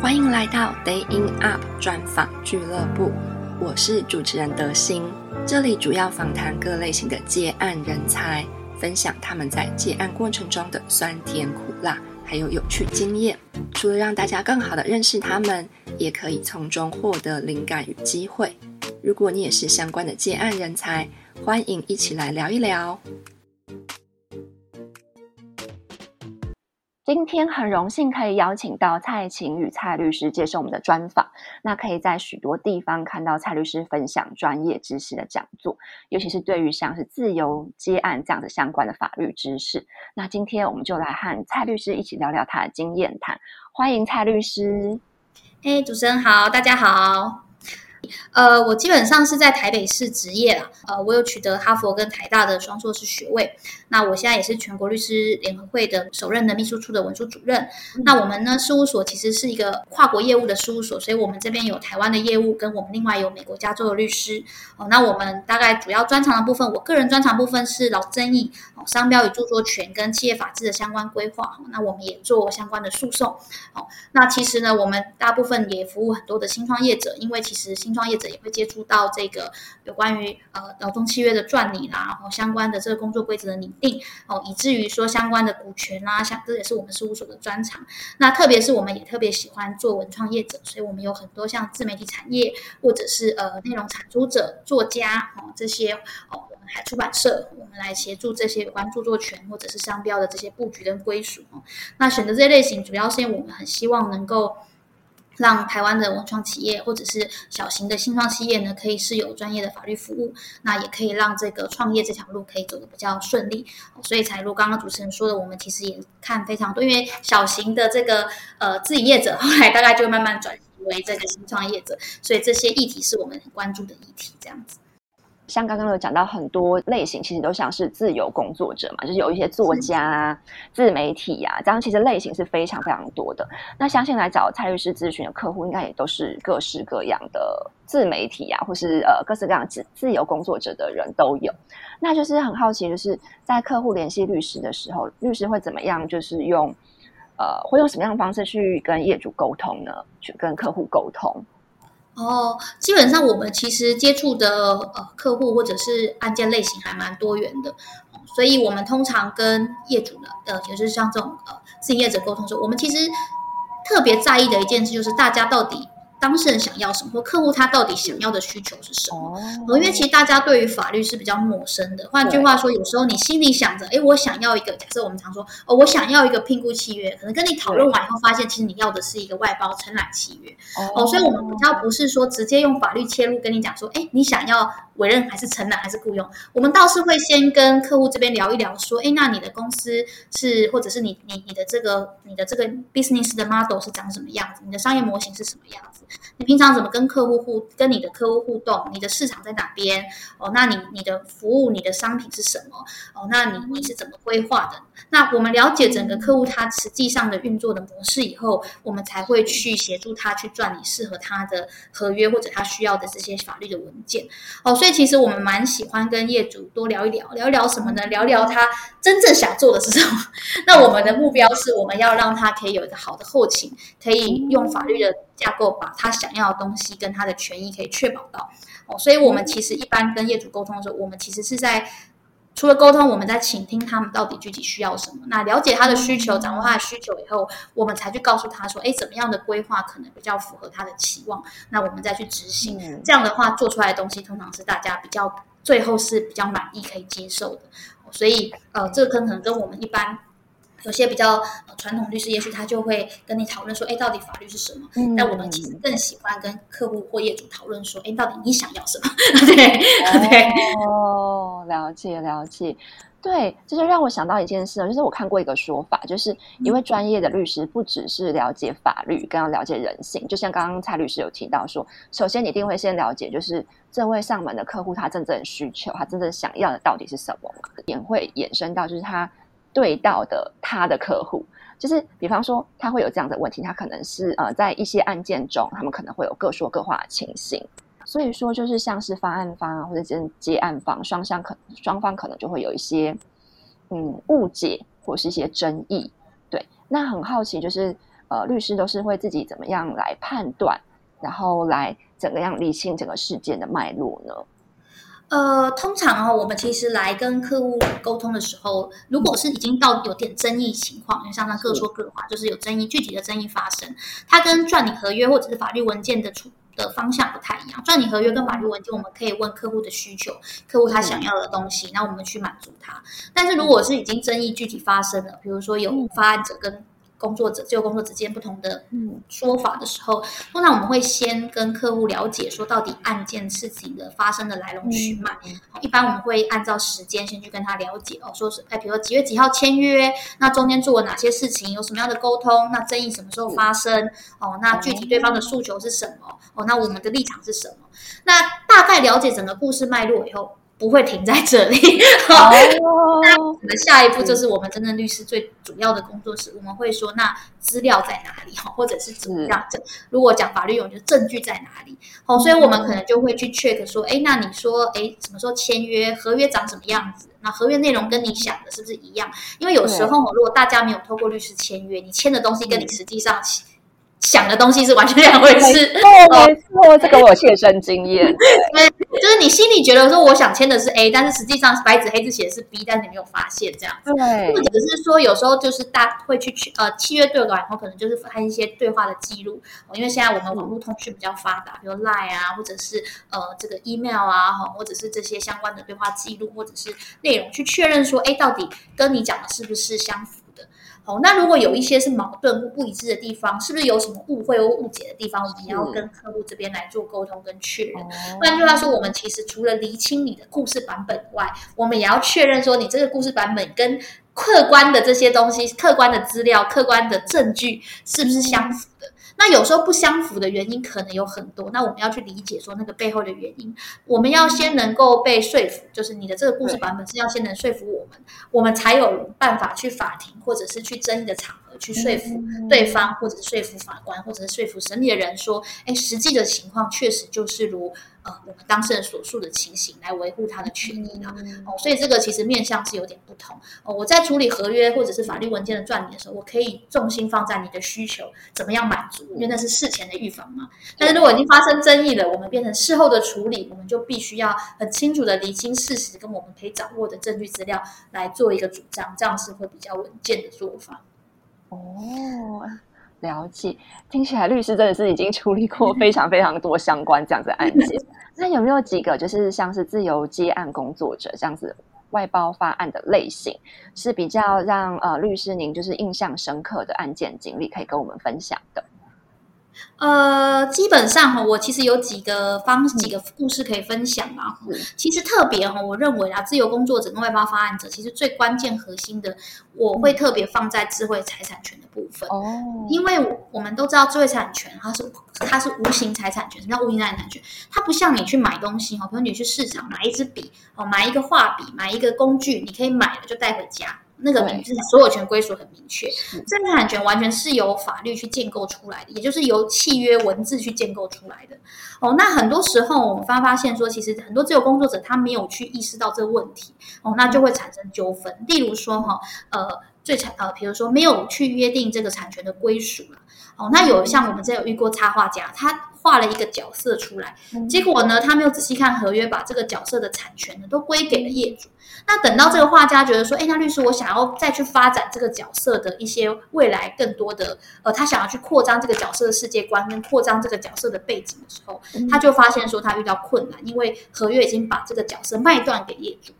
歡迎來到 Day In Up 專訪俱樂部，我是主持人德心。這裡主要訪談各類型的接案人才，分享他們在接案過程中的酸甜苦辣，還有有趣經驗。除了讓大家更好地認識他們，也可以從中獲得靈感與機會。如果你也是相關的接案人才，歡迎一起來聊一聊。今天很榮幸可以邀請到蔡晴羽蔡律師接受我們的專訪。那可以在許多地方看到蔡律師分享專業知識的講座，尤其是對於像是自由接案這樣子相關的法律知識。那今天我們就來和蔡律師一起聊聊他的經驗談，歡迎蔡律師。嘿，主持人好，大家好。呃，我基本上是在台北市執業了。呃，我有取得哈佛跟台大的雙碩士學位。那我現在也是全國律師聯合會的首任的秘書處的文書主任。那我們呢，事務所其實是一個跨國業務的事務所，所以我們這邊有台灣的業務，跟我們另外有美國加州的律師。哦，那我們大概主要專長的部分，我個人專長部分是勞爭議、商標與著作權跟企業法制的相關規劃。哦，那我們也做相關的訴訟。哦，那其實呢，我們大部分也服務很多的新創業者，因為其實。新創業者也會接觸到這個有關於呃勞動契約的撰擬啦，然後相關的這個工作規則的擬定哦，以至於說相關的股權啦、啊，像這也是我們事務所的專長。那特別是我們也特別喜歡做文創業者，所以我們有很多像自媒體產業或者是呃內容產出者、作家哦這些哦，我們還出版社，我們來協助這些有關著作權或者是商標的這些布局跟歸屬哦。那選擇這些類型，主要是因為我們很希望能夠。讓台灣的文創企業或者是小型的新創企業呢，可以是有專業的法律服務，那也可以讓這個創業這條路可以走得比較順利，所以才如剛剛主持人說的，我們其實也看非常多，因為小型的這個呃自營業者，後來大概就慢慢轉型為這個新創業者，所以這些議題是我們很關注的議題，這樣子。像剛剛有講到很多類型，其實都像是自由工作者嘛，就是有一些作家啊、自媒體啊，這樣其實類型是非常非常多的。那相信來找蔡律師諮詢的客戶，應該也都是各式各樣的自媒體啊，或是呃各式各樣自由工作者的人都有。那就是很好奇，就是在客戶聯繫律師的時候，律師會怎麼樣？就是用呃，會用什麼樣的方式去跟業主溝通呢？去跟客戶溝通？哦，基本上我們其實接觸的呃客戶或者是案件類型還蠻多元的，所以我們通常跟業主的呃，也就是像這種呃自營業者溝通時候，我們其實特別在意的一件事就是大家到底。當事人想要什麼，或客戶他到底想要的需求是什麼？哦。因為其實大家對於法律是比較陌生的。換句話說，有時候你心裡想着，哎，我想要一個，假設我們常說，哦，我想要一個聘僱契約，可能跟你討論完以後，發現其實你要的是一個外包承攬契約。哦。哦。所以，我們比較不是說直接用法律切入跟你講說，哎，你想要委任還是承攬還是雇傭？我們倒是會先跟客戶這邊聊一聊，說，哎，那你的公司是，或者是你你你的這個你的這個 business 的 model 是長什麼樣子？你的商業模型是什麼樣子？你平常怎麼跟客戶互跟你的客戶互動？你的市場在哪邊？哦，那你你的服務、你的商品是什麼？哦，那你你是怎麼規劃的？那我們了解整個客戶他實際上的運作的模式以後，我們才會去協助他去撰擬適合他的合約或者他需要的這些法律的文件。哦，所以其實我們蠻喜歡跟業主多聊一聊，聊一聊什麼呢？聊一聊他真正想做的是什麼。 那我們的目標是我們要讓他可以有一個好的後勤，可以用法律的。架構把他想要的東西跟他的權益可以確保到哦，所以我們其實一般跟業主溝通的時候，我們其實是在除了溝通，我們在傾聽他們到底具體需要什麼，那了解他的需求，掌握他的需求以後，我們才去告訴他說，誒，怎麼樣的規劃可能比較符合他的期望，那我們再去執行，這樣的話做出來的東西通常是大家比較最後是比較滿意可以接受的，所以呃，這個可能跟我們一般，有些比較傳統律師，也許他就會跟你討論說：“哎、欸，到底法律是什麼？”那、嗯、我們其實更喜歡跟客戶或業主討論說：“哎、欸，到底你想要什麼？”嗯、 對，哦，了解了解，對，這就是、讓我想到一件事，就是我看過一個說法，就是一位專業的律師不只是了解法律，更要了解人性。就像剛剛蔡律師有提到說，首先你一定會先了解，就是這位上門的客戶他真正需求，他真正想要的到底是什麼嘛？也會衍生到就是他。對到的他的客戶，就是比方說他會有這樣的問題，他可能是呃在一些案件中，他們可能會有各說各話的情形，所以說就是像是發案方或者接接案方，雙向可雙方可能就會有一些嗯誤解或是一些爭議。對，那很好奇，就是呃律師都是會自己怎麼樣來判斷，然後來怎麼樣理清整個事件的脈絡呢？呃，通常哈、哦，我們其實來跟客戶溝通的時候，如果是已經到有點爭議情況，因為像他各說各話，就是有爭議，具體的爭議發生，他跟撰擬合約或者是法律文件的出的方向不太一樣。撰擬合約跟法律文件，我們可以問客戶的需求，客戶他想要的東西，那我們去滿足他。但是如果是已經爭議具體發生了，比如說有發案者跟工作者，就工作之間不同的說法的時候，通常我們會先跟客戶了解，說到底案件事情的發生的來龍去脈。一般我們會按照時間先去跟他了解哦，說是哎，比如說幾月幾號簽約，那中間做了哪些事情，有什麼樣的溝通，那爭議什麼時候發生？嗯、哦，那具體對方的訴求是什麼？哦，那我們的立場是什麼？那大概了解整個故事脈絡以後。不會停在這裡。好、oh, 那下一步就是我們真正律師最主要的工作是，我們會說那資料在哪裡？哈，或者是怎麼樣證、嗯？如果講法律用語，就證據在哪裡？好，所以我們可能就會去 check 說，嗯、誒那你說，誒什麼時候簽約？合約長什麼樣子？那合約內容跟你想的是不是一樣？因為有時候，嗯、如果大家沒有透過律師簽約，你簽的東西跟你實際上。嗯嗯想的東西是完全兩回事，沒錯、呃，這個我有切身經驗， 對，就是你心裡覺得說我想簽的是 A，但是實際上白紙黑字寫的是 B，但是你沒有發現這樣子，子。或者是是說有時候就是大會去去呃契約對了以後，可能就是看一些對話的記錄、呃，因為現在我們網絡通訊比較發達、嗯，比如 Line 啊，或者是呃這個 email 啊，或者是這些相關的對話記錄或者是內容去確認說誒、呃，到底跟你講的是不是相符。哦，那如果有一些是矛盾或不一致的地方，是不是有什麼誤會或誤解的地方？我們也要跟客戶這邊來做溝通跟確認。不、哦、然就要說，我們其實除了釐清你的故事版本外，我們也要確認說你這個故事版本跟客觀的這些東西、客觀的資料、客觀的證據是不是相符的。嗯那有時候不相符的原因可能有很多，那我們要去理解說那個背後的原因。我們要先能夠被說服，就是你的這個故事版本是要先能說服我們，我們才有辦法去法庭或者是去爭一個場。去說服對方，或者是說服法官，或者是說服審理的人，說：“誒，實際的情況確實就是如呃我們當事人所述的情形，來維護他的權益了。”哦，所以這個其實面向是有點不同。哦，我在處理合約或者是法律文件的撰寫的時候，我可以重心放在你的需求怎麼樣滿足，因為那是事前的預防嘛。但是如果已經發生爭議了，我們變成事後的處理，我們就必須要很清楚的釐清事實，跟我們可以掌握的證據資料來做一個主張，這樣是會比較穩健的做法。哦，了解。聽起來律師真的是已經處理過非常非常多相關這樣子案件。那 有沒有幾個就是像是自由接案工作者這樣子外包發案的類型，是比較讓呃律師您就是印象深刻的案件經歷，可以跟我們分享的？呃，基本上哈，我其實有幾個方幾個故事可以分享嘛、嗯。其實特別哈，我認為啊，自由工作者跟外包發案者，其實最關鍵核心的，我會特別放在智慧財產權的部分。哦，因為我們都知道智慧財產權，它是它是無形財產權，什麼叫無形財產權？它不像你去買東西哦，比如你去市場買一支筆哦，買一個畫筆，買一個工具，你可以買了就帶回家。那個名字所有權歸屬很明確，知識產權全完全是由法律去建構出來的，也就是由契約文字去建構出來的。哦，那很多時候我們發發現說，其實很多自由工作者他沒有去意識到這個問題，哦，那就會產生糾紛。例如說哈、哦，呃，最產呃，比如說沒有去約定這個產權的歸屬了，哦，那有像我們這有遇過插畫家他。畫了一個角色出來，結果呢，他沒有仔細看合約，把這個角色的產權呢都歸給了業主。那等到這個畫家覺得說：“哎，那律師，我想要再去發展這個角色的一些未來更多的，呃，他想要去擴張這個角色的世界觀，跟擴張這個角色的背景的時候，他就發現說他遇到困難，因為合約已經把這個角色賣斷給業主。”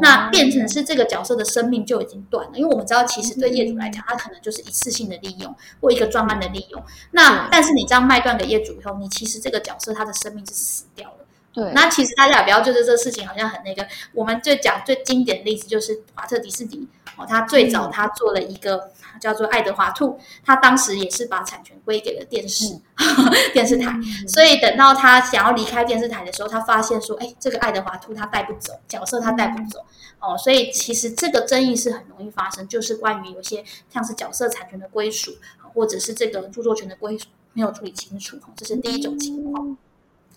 那變成是這個角色的生命就已經斷了，因為我們知道其實對業主來講，它，可能就是一次性的利用或一個專門的利用。那但是你這樣賣斷給業主以後，你其實這個角色他的生命是死掉了。對，那其實大家也不要覺得就是這個事情好像很那個，我們最講最經典的例子就是華特迪士尼。哦，他最早他做了一個叫做《愛德華兔》，嗯，他當時也是把產權歸給了電視、嗯、 電視台、嗯嗯。所以等到他想要離開電視台的時候，他發現說：“哎，這個愛德華兔他帶不走，角色他帶不走。”哦，所以其實這個爭議是很容易發生，就是關於有些像是角色產權的歸屬，或者是這個著作權的歸屬沒有處理清楚。哦，這是第一種情況。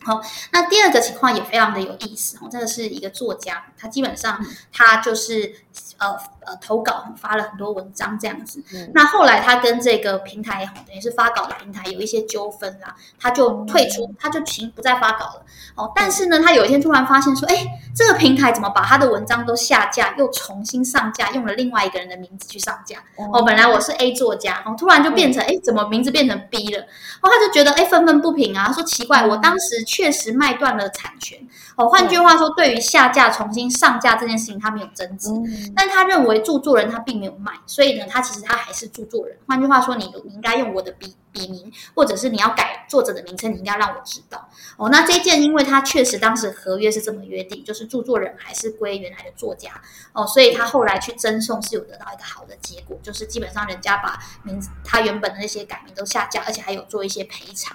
好、哦，那第二個情況也非常的有意思。哦，這個是一個作家，他基本上他就是呃。呃，投稿發了很多文章這樣子，嗯、那後來他跟這個平台也好，等於是發稿的平台有一些糾紛啦，他就退出，嗯、他就停，不再發稿了。哦，但是呢，嗯、他有一天突然發現說，哎、欸，這個平台怎麼把他的文章都下架，又重新上架，用了另外一個人的名字去上架。哦，本來我是 A 作家，哦，突然就變成，哎、嗯欸，怎麼名字變成 B 了？哦，他就覺得，哎、欸，憤憤不平啊。他說，奇怪、嗯，我當時確實賣斷了產權。哦，換句話說，嗯、對於下架、重新上架這件事情，他沒有爭執、嗯，但他認為。著作人他並沒有賣，所以呢，他其實他還是著作人。換句話說，你你應該用我的筆筆名，或者是你要改作者的名稱，你應該讓我知道哦。那這一件，因為它確實當時合約是這麼約定，就是著作人還是歸原來的作家哦，所以他後來去爭訟是有得到一個好的結果，就是基本上人家把名字他原本的那些改名都下架，而且還有做一些賠償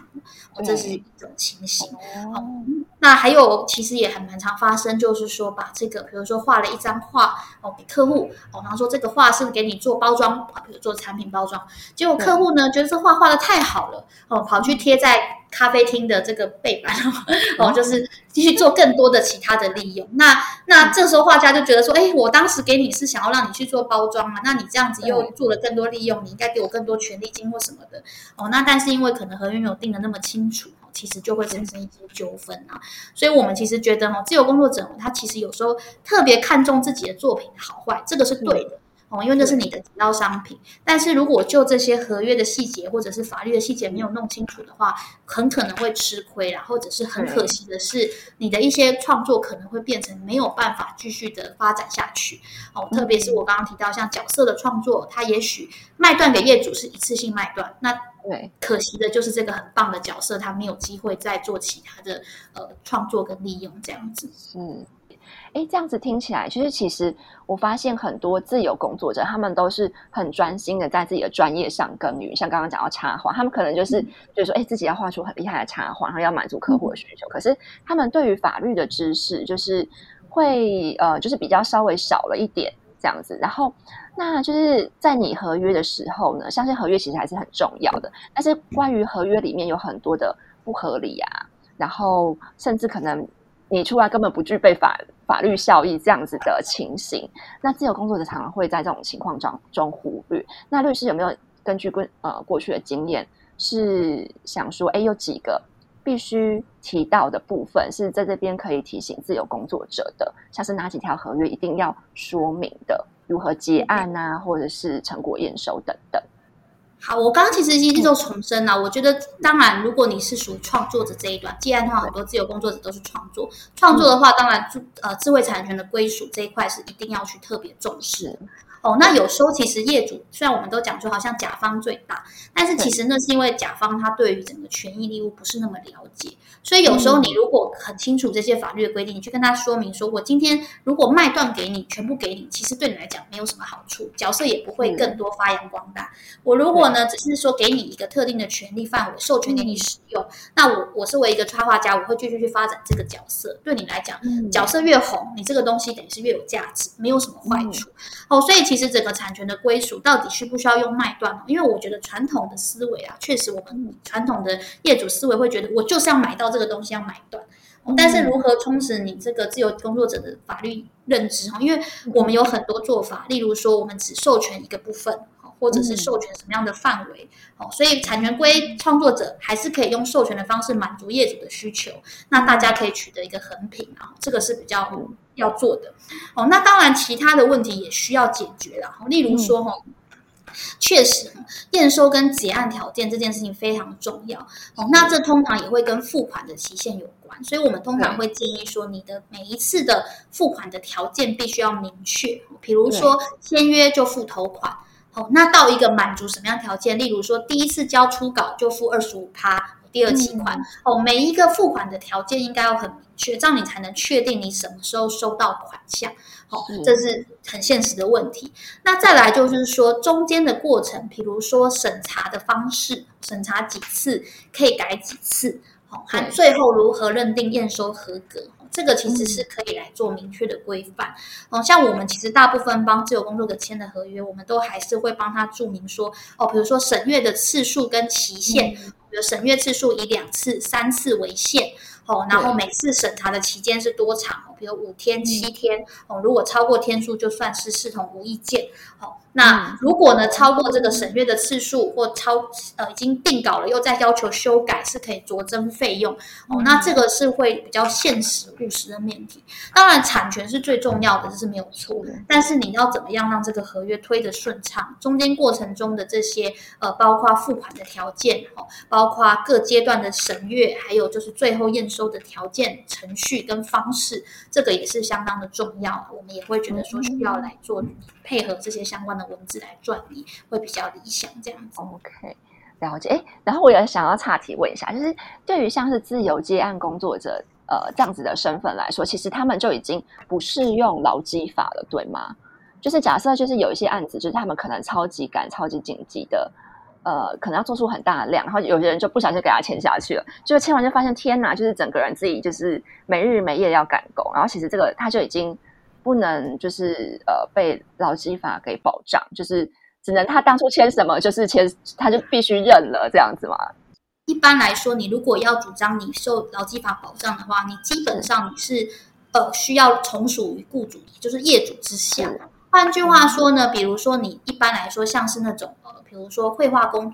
哦，這是一種情形哦。那還有其實也很蠻常發生，就是說把這個，比如說畫了一張畫哦給客戶哦，然後說這個畫是給你做包裝啊，比如做產品包裝，結果客戶呢、嗯、覺得這畫畫的太。太好了哦，跑去貼在咖啡廳的這個背板哦，就是繼續做更多的其他的利用。那那這時候畫家就覺得說，哎、欸，我當時給你是想要讓你去做包裝啊，那你這樣子又做了更多利用，你應該給我更多權利金或什麼的哦。那但是因為可能合約沒有定的那麼清楚，其實就會產生一些糾紛啊。所以我們其實覺得哦，自由工作者他其實有時候特別看重自己的作品好壞，這個是對的。哦，因為這是你的主要商品，但是如果就這些合約的細節或者是法律的細節沒有弄清楚的話，很可能會吃虧啦，或者是很可惜的是，你的一些創作可能會變成沒有辦法繼續的發展下去。哦，特別是我剛剛提到像角色的創作，它也許賣斷給業主是一次性賣斷，那可惜的就是這個很棒的角色，他沒有機會再做其他的呃創作跟利用這樣子，嗯。哎，這樣子聽起來，其實其實我發現很多自由工作者，他們都是很專心的在自己的專業上耕耘。像剛剛講到插畫，他們可能就是就是說，哎、欸，自己要畫出很厲害的插畫，然後要滿足客戶的需求，嗯。可是他們對於法律的知識，就是會呃，就是比較稍微少了一點這樣子。然後，那就是在擬合約的時候呢，相信合約其實還是很重要的。但是關於合約裡面有很多的不合理啊，然後甚至可能。你出來根本不具備法法律效益這樣子的情形，那自由工作者常常會在這種情況中中忽略。那律師有沒有根據過呃過去的經驗，是想說，哎、欸，有幾個必須提到的部分是在這邊可以提醒自由工作者的，像是哪幾條合約一定要說明的，如何結案啊，或者是成果驗收等等。好，我剛剛其實已經做重申了。嗯、我覺得，當然，如果你是屬於創作者這一段，既然的話，很多自由工作者都是創作，創作的話，當然就、嗯、呃，智慧產權的歸屬這一塊是一定要去特別重視的。嗯哦，那有時候其實業主，雖然我們都講說好像甲方最大，但是其實那是因為甲方他對於整個權益義務不是那麼了解，所以有時候你如果很清楚這些法律的規定，嗯，你去跟他說明說，我今天如果賣斷給你，全部給你，其實對你來講沒有什麼好處，角色也不會更多發揚光大，嗯。我如果呢，只是說給你一個特定的權利範圍，授權給你使用，嗯，那我我是為一個插畫家，我會繼續去發展這個角色，對你來講，嗯，角色越紅，你這個東西等於是越有價值，沒有什麼壞處，嗯。哦，所以。其實，整個產權的歸屬到底需不需要用賣斷？因為我覺得傳統的思維啊，確實我們傳統的業主思維會覺得，我就是要買到這個東西，要買斷。但是，如何充實你這個自由工作者的法律認知？哈，因為我們有很多做法，例如說，我們只授權一個部分，或者是授權什麼樣的範圍？哦、嗯，所以產權歸創作者，還是可以用授權的方式滿足業主的需求。那大家可以取得一個衡平啊，這個是比較。要做的，哦，那當然，其他的問題也需要解決了，例如說哈，嗯、確實，驗收跟結案條件這件事情非常重要。嗯、那這通常也會跟付款的期限有關，所以我們通常會建議說，你的每一次的付款的條件必須要明確。比如說，簽約就付頭款、嗯哦。那到一個滿足什麼樣條件？例如說，第一次交初稿就付二十五趴。第二期款，哦，每一個付款的條件應該要很明確，這樣你才能確定你什麼時候收到款項。好，這是很現實的問題。那再來就是說，中間的過程，比如說審查的方式，審查幾次，可以改幾次，好，還最後如何認定驗收合格？這個其實是可以來做明確的規範哦，嗯，像我們其實大部分幫自由工作者簽的合約，我們都還是會幫他註明說，哦，比如說審閱的次數跟期限，比如審閱次數以兩次、三次為限。哦，然後每次審查的期間是多長哦？比如五天、七天。哦，如果超過天數，就算是視同無意見。哦，那如果呢超過這個審閱的次數，或超呃已經定稿了又再要求修改，是可以酌增費用。哦，那這個是會比較現實務實的命題。當然，產權是最重要的，這是沒有錯的。但是你要怎麼樣讓這個合約推得順暢？中間過程中的這些呃，包括付款的條件，哦，包括各階段的審閱，還有就是最後驗收。的條件、程序跟方式，這個也是相當的重要的。我們也會覺得說需要來做、嗯、配合這些相關的文字來轉移，會比較理想這樣子。OK，了解。哎，然後我也想要岔題問一下，就是對於像是自由接案工作者，呃，這樣子的身份來說，其實他們就已經不適用勞基法了、嗯，對嗎？就是假設就是有一些案子，就是他們可能超級趕、超級緊急的。呃，可能要做出很大的量，然後有些人就不小心給他簽下去了，就簽完就發現天吶，就是整個人自己就是沒日沒夜要趕工，然後其實這個他就已經不能就是呃被勞基法給保障，就是只能他當初簽什麼就是簽，他就必須認了，這樣子嘛。一般來說，你如果要主張你受勞基法保障的話，你基本上你是呃需要從屬於雇主，就是業主之下。換句話說呢、嗯，比如說你一般來說像是那種。比如說繪畫工，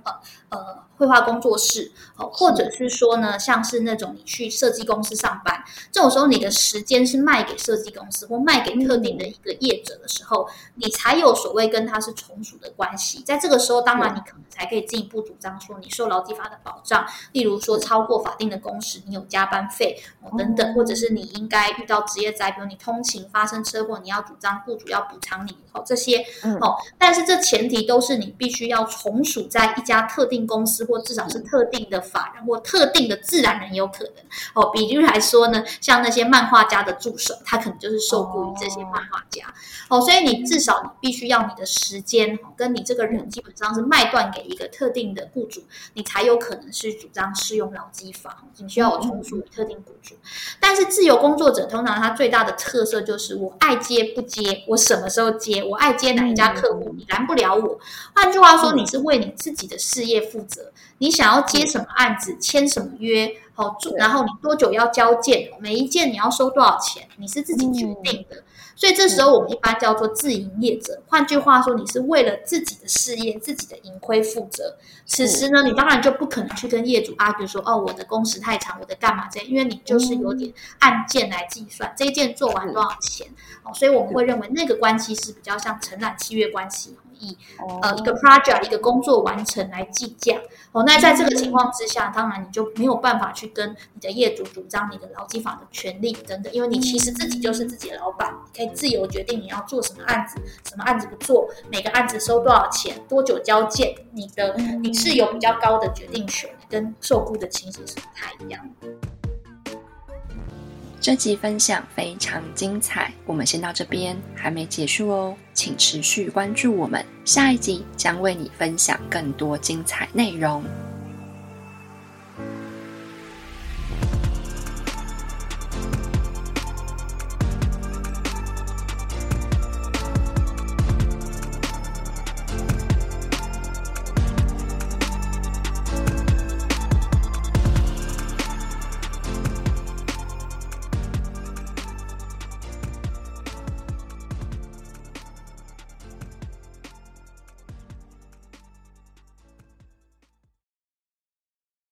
呃呃。繪畫工作室，哦，或者是說呢，像是那種你去設計公司上班，這種時候你的時間是賣給設計公司或賣給特定的一個業者的時候，你才有所謂跟他是從屬的關係。在這個時候，當然你可能才可以進一步主張說你受勞基法的保障，例如說超過法定的工時你有加班費等等，或者是你應該遇到職業災，比如你通勤發生車禍，你要主張雇主要補償你哦，這些哦，但是這前提都是你必須要從屬在一家特定公司。或至少是特定的法人或特定的自然人也有可能哦。比如來說呢，像那些漫畫家的助手，他可能就是受僱於這些漫畫家哦、哦。所以你至少你必須要你的時間跟你這個人基本上是賣斷給一個特定的雇主，你才有可能是主張適用勞基法。你需要有從屬於特定雇主。但是自由工作者通常他最大的特色就是我愛接不接，我什麼時候接，我愛接哪一家客戶，嗯，你攔不了我。換句話說，嗯，你是為你自己的事業負責。你想要接什麼案子，簽、嗯、什麼約，好做，然後你多久要交件，每一件你要收多少錢，你是自己決定的。嗯、所以這時候我們一般叫做自營業者。嗯、換句話說，你是為了自己的事業、自己的盈虧負責。此時呢，你當然就不可能去跟業主、啊、比如說：“哦，我的工時太長，我的幹嘛這樣？”因為你就是有點按件來計算、嗯，這件做完多少錢、哦、所以我們會認為那個關係是比較像承攬契約關係。以呃一個 project 一個工作完成來計價哦，那在這個情況之下，當然你就沒有辦法去跟你的業主主張你的勞基法的權利等等，因為你其實自己就是自己的老板，你可以自由決定你要做什麼案子，什麼案子不做，每個案子收多少錢，多久交件，你的你是有比較高的決定權，跟受雇的情形是不太一樣的。這集分享非常精彩，我們先到這邊，還沒結束哦，請持續關注我們，下一集將為你分享更多精彩內容。